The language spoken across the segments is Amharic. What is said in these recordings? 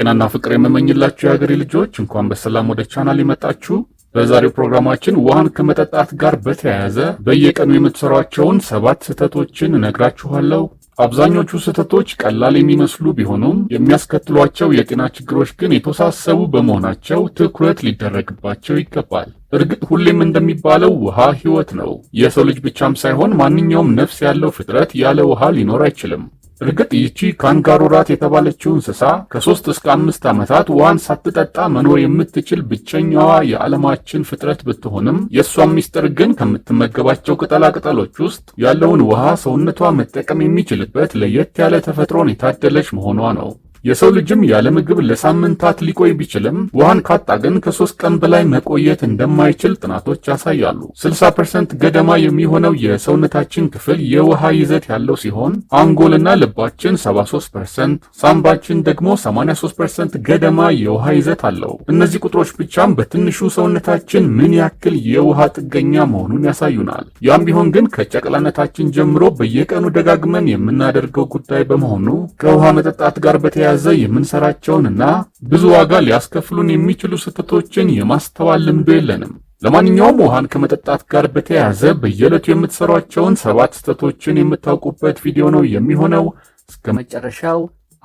ጤናና ፍቅር የምመኝላችሁ የሀገሬ ልጆች እንኳን በሰላም ወደ ቻናል ይመጣችሁ። በዛሬው ፕሮግራማችን ውሃን ከመጠጣት ጋር በተያያዘ በየቀኑ የምትሰሯቸውን ሰባት ስህተቶችን እነግራችኋለሁ። አብዛኞቹ ስህተቶች ቀላል የሚመስሉ ቢሆኑም የሚያስከትሏቸው የጤና ችግሮች ግን የተወሳሰቡ በመሆናቸው ትኩረት ሊደረግባቸው ይገባል። እርግጥ ሁሌም እንደሚባለው ውሃ ሕይወት ነው። የሰው ልጅ ብቻም ሳይሆን ማንኛውም ነፍስ ያለው ፍጥረት ያለ ውሃ ሊኖር አይችልም። እርግጥ ይቺ ካንጋሩ ራት የተባለችው እንስሳ ከሶስት እስከ አምስት ዓመታት ውሃን ሳትጠጣ መኖር የምትችል ብቸኛዋ የዓለማችን ፍጥረት ብትሆንም የእሷ ሚስጥር ግን ከምትመገባቸው ቅጠላቅጠሎች ውስጥ ያለውን ውሃ ሰውነቷ መጠቀም የሚችልበት ለየት ያለ ተፈጥሮን የታደለች መሆኗ ነው። የሰው ልጅም ያለ ምግብ ለሳምንታት ሊቆይ ቢችልም ውሃን ካጣ ግን ከሶስት ቀን በላይ መቆየት እንደማይችል ጥናቶች ያሳያሉ። 60 ፐርሰንት ገደማ የሚሆነው የሰውነታችን ክፍል የውሃ ይዘት ያለው ሲሆን አንጎልና ልባችን 73 ፐርሰንት፣ ሳምባችን ደግሞ 83 ፐርሰንት ገደማ የውሃ ይዘት አለው። እነዚህ ቁጥሮች ብቻም በትንሹ ሰውነታችን ምን ያክል የውሃ ጥገኛ መሆኑን ያሳዩናል። ያም ቢሆን ግን ከጨቅላነታችን ጀምሮ በየቀኑ ደጋግመን የምናደርገው ጉዳይ በመሆኑ ከውሃ መጠጣት ጋር በተያ የተያዘ የምንሰራቸውንና ብዙ ዋጋ ሊያስከፍሉን የሚችሉ ስህተቶችን የማስተዋል ልምዱ የለንም። ለማንኛውም ውሃን ከመጠጣት ጋር በተያያዘ በየዕለቱ የምትሰሯቸውን ሰባት ስህተቶችን የምታውቁበት ቪዲዮ ነው የሚሆነው። እስከ መጨረሻው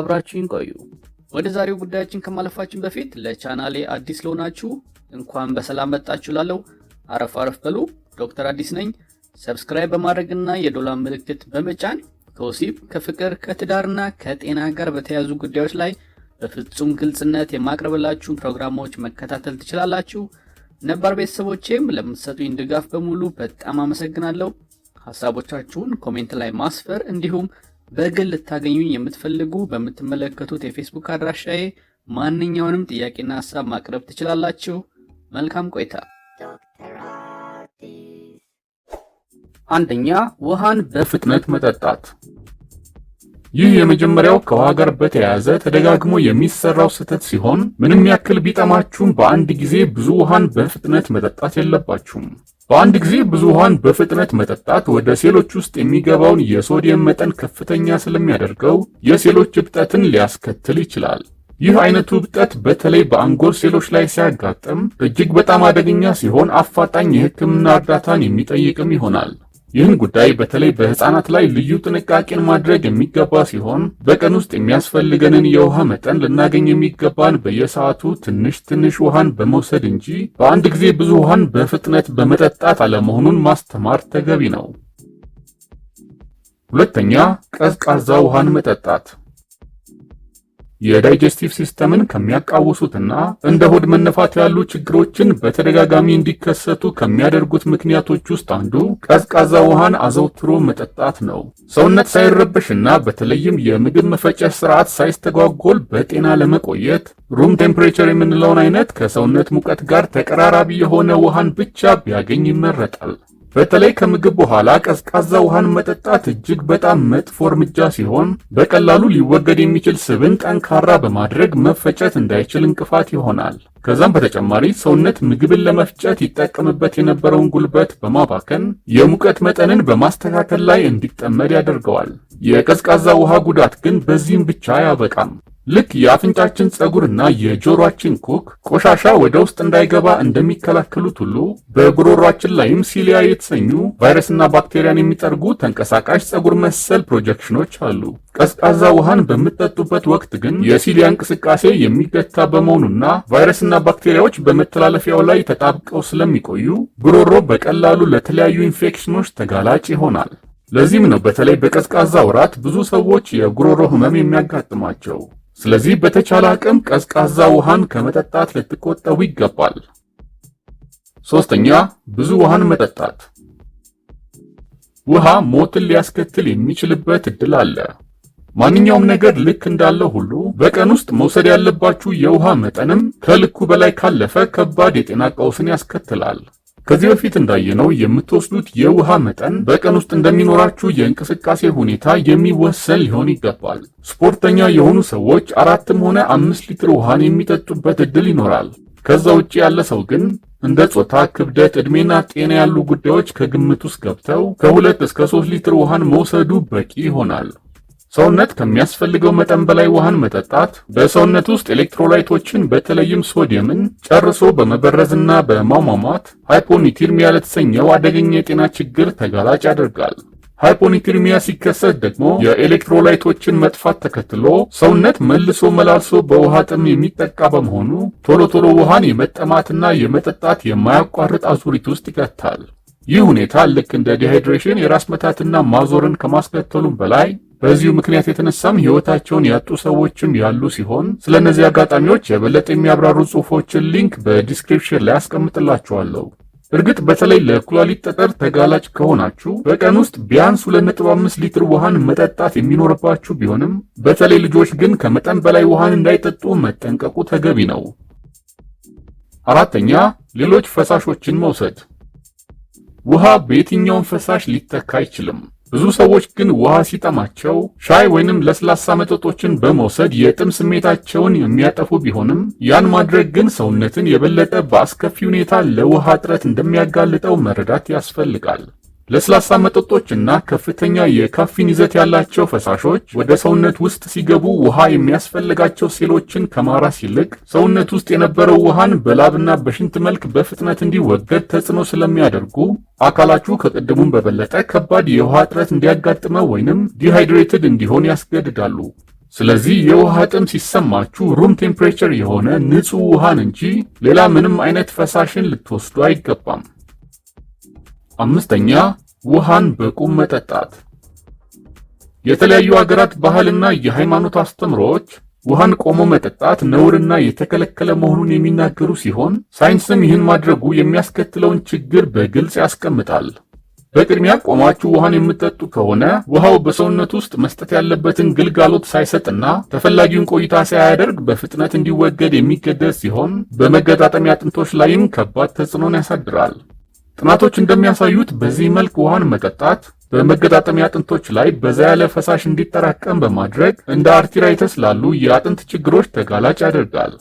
አብራችን ቆዩ። ወደ ዛሬው ጉዳያችን ከማለፋችን በፊት ለቻናሌ አዲስ ለሆናችሁ እንኳን በሰላም መጣችሁ ላለው አረፍ አረፍ በሉ። ዶክተር አዲስ ነኝ። ሰብስክራይብ በማድረግና የዶላር ምልክት በመጫን ከወሲብ ከፍቅር ከትዳርና ከጤና ጋር በተያያዙ ጉዳዮች ላይ በፍጹም ግልጽነት የማቅረብላችሁን ፕሮግራሞች መከታተል ትችላላችሁ። ነባር ቤተሰቦቼም ለምትሰጡኝ ድጋፍ በሙሉ በጣም አመሰግናለሁ። ሀሳቦቻችሁን ኮሜንት ላይ ማስፈር እንዲሁም በግል ልታገኙኝ የምትፈልጉ በምትመለከቱት የፌስቡክ አድራሻዬ ማንኛውንም ጥያቄና ሀሳብ ማቅረብ ትችላላችሁ። መልካም ቆይታ። አንደኛ ውሃን በፍጥነት መጠጣት። ይህ የመጀመሪያው ከውሃ ጋር በተያያዘ ተደጋግሞ የሚሰራው ስህተት ሲሆን ምንም ያክል ቢጠማችሁም በአንድ ጊዜ ብዙ ውሃን በፍጥነት መጠጣት የለባችሁም። በአንድ ጊዜ ብዙ ውሃን በፍጥነት መጠጣት ወደ ሴሎች ውስጥ የሚገባውን የሶዲየም መጠን ከፍተኛ ስለሚያደርገው የሴሎች እብጠትን ሊያስከትል ይችላል። ይህ አይነቱ እብጠት በተለይ በአንጎል ሴሎች ላይ ሲያጋጥም እጅግ በጣም አደገኛ ሲሆን አፋጣኝ የሕክምና እርዳታን የሚጠይቅም ይሆናል። ይህን ጉዳይ በተለይ በህፃናት ላይ ልዩ ጥንቃቄን ማድረግ የሚገባ ሲሆን በቀን ውስጥ የሚያስፈልገንን የውሃ መጠን ልናገኝ የሚገባን በየሰዓቱ ትንሽ ትንሽ ውሃን በመውሰድ እንጂ በአንድ ጊዜ ብዙ ውሃን በፍጥነት በመጠጣት አለመሆኑን ማስተማር ተገቢ ነው። ሁለተኛ ቀዝቃዛ ውሃን መጠጣት የዳይጀስቲቭ ሲስተምን ከሚያቃውሱትና እንደ ሆድ መነፋት ያሉ ችግሮችን በተደጋጋሚ እንዲከሰቱ ከሚያደርጉት ምክንያቶች ውስጥ አንዱ ቀዝቃዛ ውሃን አዘውትሮ መጠጣት ነው። ሰውነት እና በተለይም የምግብ መፈጨት ስርዓት ሳይስተጓጎል በጤና ለመቆየት ሩም ቴምፕሬቸር የምንለውን አይነት ከሰውነት ሙቀት ጋር ተቀራራቢ የሆነ ውሃን ብቻ ቢያገኝ ይመረጣል። በተለይ ከምግብ በኋላ ቀዝቃዛ ውሃን መጠጣት እጅግ በጣም መጥፎ እርምጃ ሲሆን በቀላሉ ሊወገድ የሚችል ስብን ጠንካራ በማድረግ መፈጨት እንዳይችል እንቅፋት ይሆናል። ከዛም በተጨማሪ ሰውነት ምግብን ለመፍጨት ይጠቀምበት የነበረውን ጉልበት በማባከን የሙቀት መጠንን በማስተካከል ላይ እንዲጠመድ ያደርገዋል። የቀዝቃዛ ውሃ ጉዳት ግን በዚህም ብቻ አያበቃም። ልክ የአፍንጫችን ጸጉርና የጆሮአችን ኮክ ቆሻሻ ወደ ውስጥ እንዳይገባ እንደሚከላከሉት ሁሉ በጉሮሯችን ላይም ሲሊያ የተሰኙ ቫይረስና ባክቴሪያን የሚጠርጉ ተንቀሳቃሽ ጸጉር መሰል ፕሮጀክሽኖች አሉ። ቀዝቃዛ ውሃን በምትጠጡበት ወቅት ግን የሲሊያ እንቅስቃሴ የሚገታ በመሆኑና ቫይረስና ባክቴሪያዎች በመተላለፊያው ላይ ተጣብቀው ስለሚቆዩ ጉሮሮ በቀላሉ ለተለያዩ ኢንፌክሽኖች ተጋላጭ ይሆናል። ለዚህም ነው በተለይ በቀዝቃዛ ወራት ብዙ ሰዎች የጉሮሮ ህመም የሚያጋጥማቸው። ስለዚህ በተቻለ አቅም ቀዝቃዛ ውሃን ከመጠጣት ልትቆጠቡ ይገባል። ሶስተኛ ብዙ ውሃን መጠጣት። ውሃ ሞትን ሊያስከትል የሚችልበት እድል አለ። ማንኛውም ነገር ልክ እንዳለ ሁሉ በቀን ውስጥ መውሰድ ያለባችሁ የውሃ መጠንም ከልኩ በላይ ካለፈ ከባድ የጤና ቀውስን ያስከትላል። ከዚህ በፊት እንዳየነው የምትወስዱት የውሃ መጠን በቀን ውስጥ እንደሚኖራችሁ የእንቅስቃሴ ሁኔታ የሚወሰን ሊሆን ይገባል። ስፖርተኛ የሆኑ ሰዎች አራትም ሆነ አምስት ሊትር ውሃን የሚጠጡበት እድል ይኖራል። ከዛ ውጭ ያለ ሰው ግን እንደ ጾታ፣ ክብደት፣ ዕድሜና ጤና ያሉ ጉዳዮች ከግምት ውስጥ ገብተው ከሁለት እስከ ሶስት ሊትር ውሃን መውሰዱ በቂ ይሆናል። ሰውነት ከሚያስፈልገው መጠን በላይ ውሃን መጠጣት በሰውነት ውስጥ ኤሌክትሮላይቶችን በተለይም ሶዲየምን ጨርሶ በመበረዝና በማሟሟት ሃይፖኒትርሚያ ለተሰኘው አደገኛ የጤና ችግር ተጋላጭ ያደርጋል። ሃይፖኒትርሚያ ሲከሰት ደግሞ የኤሌክትሮላይቶችን መጥፋት ተከትሎ ሰውነት መልሶ መላልሶ በውሃ ጥም የሚጠቃ በመሆኑ ቶሎ ቶሎ ውሃን የመጠማትና የመጠጣት የማያቋርጥ አዙሪት ውስጥ ይከታል። ይህ ሁኔታ ልክ እንደ ዲሃይድሬሽን የራስ መታትና ማዞርን ከማስከተሉም በላይ በዚሁ ምክንያት የተነሳም ሕይወታቸውን ያጡ ሰዎችም ያሉ ሲሆን ስለ እነዚህ አጋጣሚዎች የበለጠ የሚያብራሩ ጽሑፎችን ሊንክ በዲስክሪፕሽን ላይ አስቀምጥላችኋለሁ። እርግጥ በተለይ ለኩላሊት ጠጠር ተጋላጭ ከሆናችሁ በቀን ውስጥ ቢያንስ 2.5 ሊትር ውሃን መጠጣት የሚኖርባችሁ ቢሆንም በተለይ ልጆች ግን ከመጠን በላይ ውሃን እንዳይጠጡ መጠንቀቁ ተገቢ ነው። አራተኛ ሌሎች ፈሳሾችን መውሰድ። ውሃ በየትኛውም ፈሳሽ ሊተካ አይችልም። ብዙ ሰዎች ግን ውሃ ሲጠማቸው ሻይ ወይንም ለስላሳ መጠጦችን በመውሰድ የጥም ስሜታቸውን የሚያጠፉ ቢሆንም ያን ማድረግ ግን ሰውነትን የበለጠ በአስከፊ ሁኔታ ለውሃ እጥረት እንደሚያጋልጠው መረዳት ያስፈልጋል። ለስላሳ መጠጦች እና ከፍተኛ የካፊን ይዘት ያላቸው ፈሳሾች ወደ ሰውነት ውስጥ ሲገቡ ውሃ የሚያስፈልጋቸው ሴሎችን ከማራስ ይልቅ ሰውነት ውስጥ የነበረው ውሃን በላብና በሽንት መልክ በፍጥነት እንዲወገድ ተጽዕኖ ስለሚያደርጉ አካላችሁ ከቅድሙን በበለጠ ከባድ የውሃ እጥረት እንዲያጋጥመው ወይንም ዲሃይድሬትድ እንዲሆን ያስገድዳሉ። ስለዚህ የውሃ ጥም ሲሰማችሁ ሩም ቴምፕሬቸር የሆነ ንጹህ ውሃን እንጂ ሌላ ምንም አይነት ፈሳሽን ልትወስዱ አይገባም። አምስተኛ ውሃን በቁም መጠጣት። የተለያዩ ሀገራት ባህልና የሃይማኖት አስተምሮዎች ውሃን ቆሞ መጠጣት ነውርና የተከለከለ መሆኑን የሚናገሩ ሲሆን ሳይንስም ይህን ማድረጉ የሚያስከትለውን ችግር በግልጽ ያስቀምጣል። በቅድሚያ ቆማችሁ ውሃን የምትጠጡ ከሆነ ውሃው በሰውነት ውስጥ መስጠት ያለበትን ግልጋሎት ሳይሰጥና ተፈላጊውን ቆይታ ሳያደርግ በፍጥነት እንዲወገድ የሚገደድ ሲሆን በመገጣጠሚያ አጥንቶች ላይም ከባድ ተጽዕኖን ያሳድራል። ጥናቶች እንደሚያሳዩት በዚህ መልክ ውሃን መጠጣት በመገጣጠሚያ አጥንቶች ላይ በዛ ያለ ፈሳሽ እንዲጠራቀም በማድረግ እንደ አርቲራይተስ ላሉ የአጥንት ችግሮች ተጋላጭ ያደርጋል።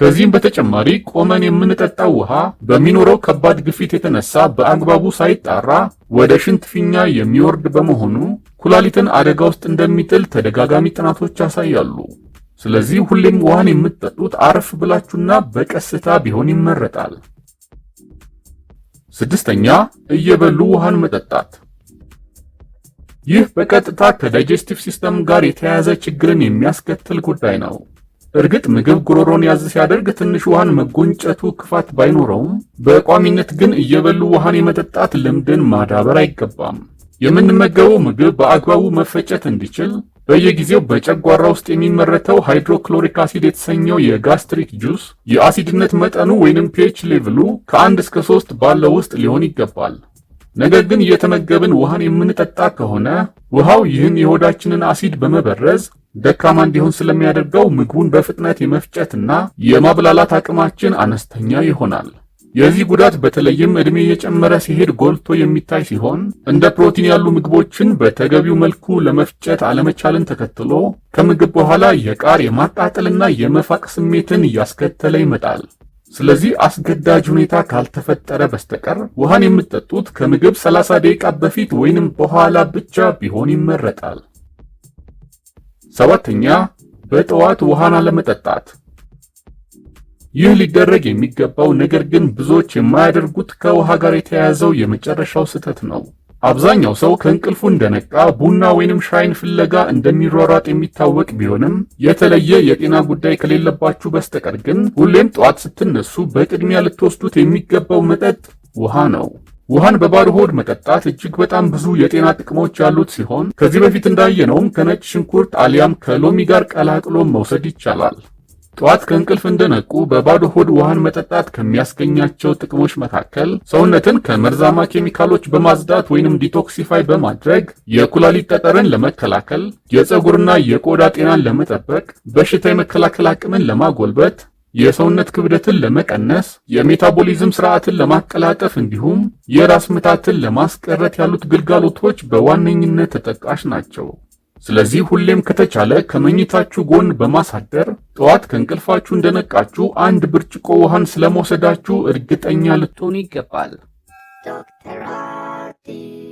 ከዚህም በተጨማሪ ቆመን የምንጠጣው ውሃ በሚኖረው ከባድ ግፊት የተነሳ በአግባቡ ሳይጣራ ወደ ሽንት ፊኛ የሚወርድ በመሆኑ ኩላሊትን አደጋ ውስጥ እንደሚጥል ተደጋጋሚ ጥናቶች ያሳያሉ። ስለዚህ ሁሌም ውሃን የምትጠጡት አረፍ ብላችሁና በቀስታ ቢሆን ይመረጣል። ስድስተኛ እየበሉ ውሃን መጠጣት። ይህ በቀጥታ ከዳይጀስቲቭ ሲስተም ጋር የተያያዘ ችግርን የሚያስከትል ጉዳይ ነው። እርግጥ ምግብ ጉሮሮን ያዝ ሲያደርግ ትንሽ ውሃን መጎንጨቱ ክፋት ባይኖረውም በቋሚነት ግን እየበሉ ውሃን የመጠጣት ልምድን ማዳበር አይገባም። የምንመገበው ምግብ በአግባቡ መፈጨት እንዲችል በየጊዜው በጨጓራ ውስጥ የሚመረተው ሃይድሮክሎሪክ አሲድ የተሰኘው የጋስትሪክ ጁስ የአሲድነት መጠኑ ወይንም ፒኤች ሌቭሉ ከአንድ እስከ ሶስት ባለው ውስጥ ሊሆን ይገባል። ነገር ግን እየተመገብን ውሃን የምንጠጣ ከሆነ ውሃው ይህን የሆዳችንን አሲድ በመበረዝ ደካማ እንዲሆን ስለሚያደርገው ምግቡን በፍጥነት የመፍጨትና የማብላላት አቅማችን አነስተኛ ይሆናል። የዚህ ጉዳት በተለይም እድሜ የጨመረ ሲሄድ ጎልቶ የሚታይ ሲሆን እንደ ፕሮቲን ያሉ ምግቦችን በተገቢው መልኩ ለመፍጨት አለመቻልን ተከትሎ ከምግብ በኋላ የቃር የማቃጠልና የመፋቅ ስሜትን እያስከተለ ይመጣል። ስለዚህ አስገዳጅ ሁኔታ ካልተፈጠረ በስተቀር ውሃን የምትጠጡት ከምግብ 30 ደቂቃ በፊት ወይንም በኋላ ብቻ ቢሆን ይመረጣል። ሰባተኛ በጠዋት ውሃን አለመጠጣት ይህ ሊደረግ የሚገባው ነገር ግን ብዙዎች የማያደርጉት ከውሃ ጋር የተያያዘው የመጨረሻው ስህተት ነው። አብዛኛው ሰው ከእንቅልፉ እንደነቃ ቡና ወይንም ሻይን ፍለጋ እንደሚሯሯጥ የሚታወቅ ቢሆንም የተለየ የጤና ጉዳይ ከሌለባችሁ በስተቀር ግን ሁሌም ጠዋት ስትነሱ በቅድሚያ ልትወስዱት የሚገባው መጠጥ ውሃ ነው። ውሃን በባዶ ሆድ መጠጣት እጅግ በጣም ብዙ የጤና ጥቅሞች ያሉት ሲሆን ከዚህ በፊት እንዳየነውም ከነጭ ሽንኩርት አሊያም ከሎሚ ጋር ቀላቅሎ መውሰድ ይቻላል። ጠዋት ከእንቅልፍ እንደነቁ በባዶ ሆድ ውሃን መጠጣት ከሚያስገኛቸው ጥቅሞች መካከል ሰውነትን ከመርዛማ ኬሚካሎች በማጽዳት ወይንም ዲቶክሲፋይ በማድረግ የኩላሊት ጠጠርን ለመከላከል፣ የፀጉርና የቆዳ ጤናን ለመጠበቅ፣ በሽታ የመከላከል አቅምን ለማጎልበት፣ የሰውነት ክብደትን ለመቀነስ፣ የሜታቦሊዝም ስርዓትን ለማቀላጠፍ እንዲሁም የራስ ምታትን ለማስቀረት ያሉት ግልጋሎቶች በዋነኝነት ተጠቃሽ ናቸው። ስለዚህ ሁሌም ከተቻለ ከመኝታችሁ ጎን በማሳደር ጠዋት ከእንቅልፋችሁ እንደነቃችሁ አንድ ብርጭቆ ውሃን ስለመውሰዳችሁ እርግጠኛ ልትሆኑ ይገባል። ዶክተር